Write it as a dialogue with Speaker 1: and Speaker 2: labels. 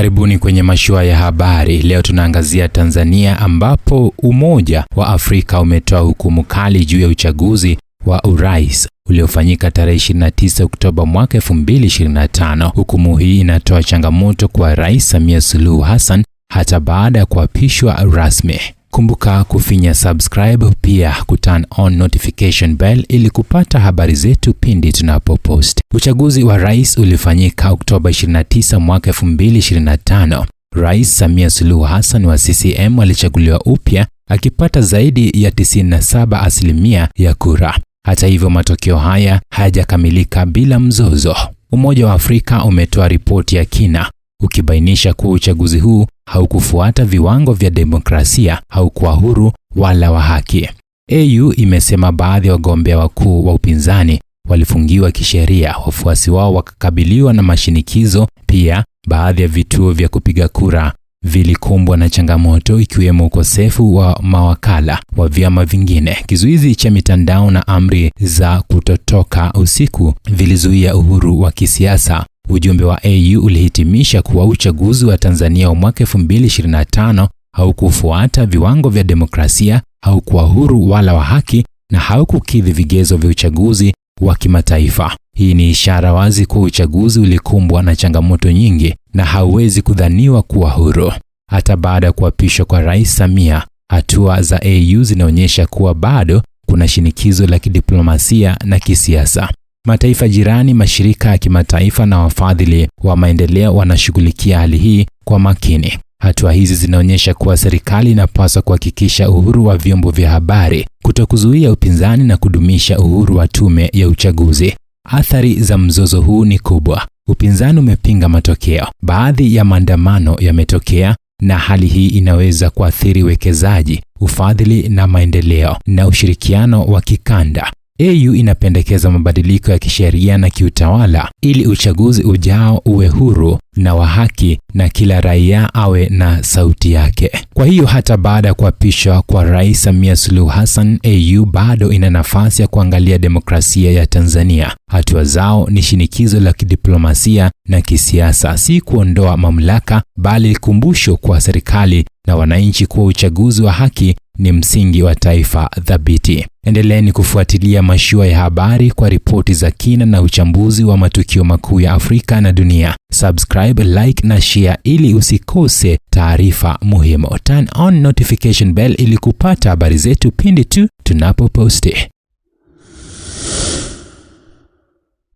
Speaker 1: Karibuni kwenye mashua ya habari. Leo tunaangazia Tanzania ambapo Umoja wa Afrika umetoa hukumu kali juu ya uchaguzi wa urais uliofanyika tarehe 29 Oktoba mwaka 2025. Hukumu hii inatoa changamoto kwa Rais Samia Suluhu Hassan hata baada ya kuapishwa rasmi. Kumbuka kufinya subscribe, pia kuturn on notification bell ili kupata habari zetu pindi tunapopost. Uchaguzi wa rais ulifanyika Oktoba 29 mwaka 2025. Rais Samia Suluhu Hassan wa CCM alichaguliwa upya akipata zaidi ya 97 asilimia ya kura. Hata hivyo, matokeo haya hayajakamilika bila mzozo. Umoja wa Afrika umetoa ripoti ya kina ukibainisha kuwa uchaguzi huu haukufuata viwango vya demokrasia, haukuwa huru wala wa haki. AU imesema baadhi ya wagombea wakuu wa upinzani walifungiwa kisheria, wafuasi wao wakakabiliwa na mashinikizo. Pia baadhi ya vituo vya kupiga kura vilikumbwa na changamoto ikiwemo ukosefu wa mawakala wa vyama vingine. Kizuizi cha mitandao na amri za kutotoka usiku vilizuia uhuru wa kisiasa Ujumbe wa AU ulihitimisha kuwa uchaguzi wa Tanzania wa mwaka 2025 haukufuata viwango vya demokrasia, haukuwa huru wala wa haki na haukukidhi vigezo vya uchaguzi wa kimataifa. Hii ni ishara wazi kuwa uchaguzi ulikumbwa na changamoto nyingi na hauwezi kudhaniwa kuwa huru. Hata baada ya kuapishwa kwa Rais Samia, hatua za AU zinaonyesha kuwa bado kuna shinikizo la kidiplomasia na kisiasa. Mataifa jirani, mashirika ya kimataifa na wafadhili wa maendeleo wanashughulikia hali hii kwa makini. Hatua hizi zinaonyesha kuwa serikali inapaswa kuhakikisha uhuru wa vyombo vya habari, kutokuzuia upinzani na kudumisha uhuru wa tume ya uchaguzi. Athari za mzozo huu ni kubwa. Upinzani umepinga matokeo, baadhi ya maandamano yametokea, na hali hii inaweza kuathiri uwekezaji, ufadhili na maendeleo na ushirikiano wa kikanda. AU inapendekeza mabadiliko ya kisheria na kiutawala ili uchaguzi ujao uwe huru na wa haki na kila raia awe na sauti yake. Kwa hiyo hata baada ya kuapishwa kwa Rais Samia Suluhu Hassan, AU bado ina nafasi ya kuangalia demokrasia ya Tanzania. Hatua zao ni shinikizo la kidiplomasia na kisiasa, si kuondoa mamlaka, bali kumbusho kwa serikali na wananchi kuwa uchaguzi wa haki ni msingi wa taifa thabiti. Endeleeni kufuatilia mashua ya habari kwa ripoti za kina na uchambuzi wa matukio makuu ya Afrika na dunia. Subscribe, like na share ili usikose taarifa muhimu. Turn on notification bell ili kupata habari zetu pindi tu tunapoposti.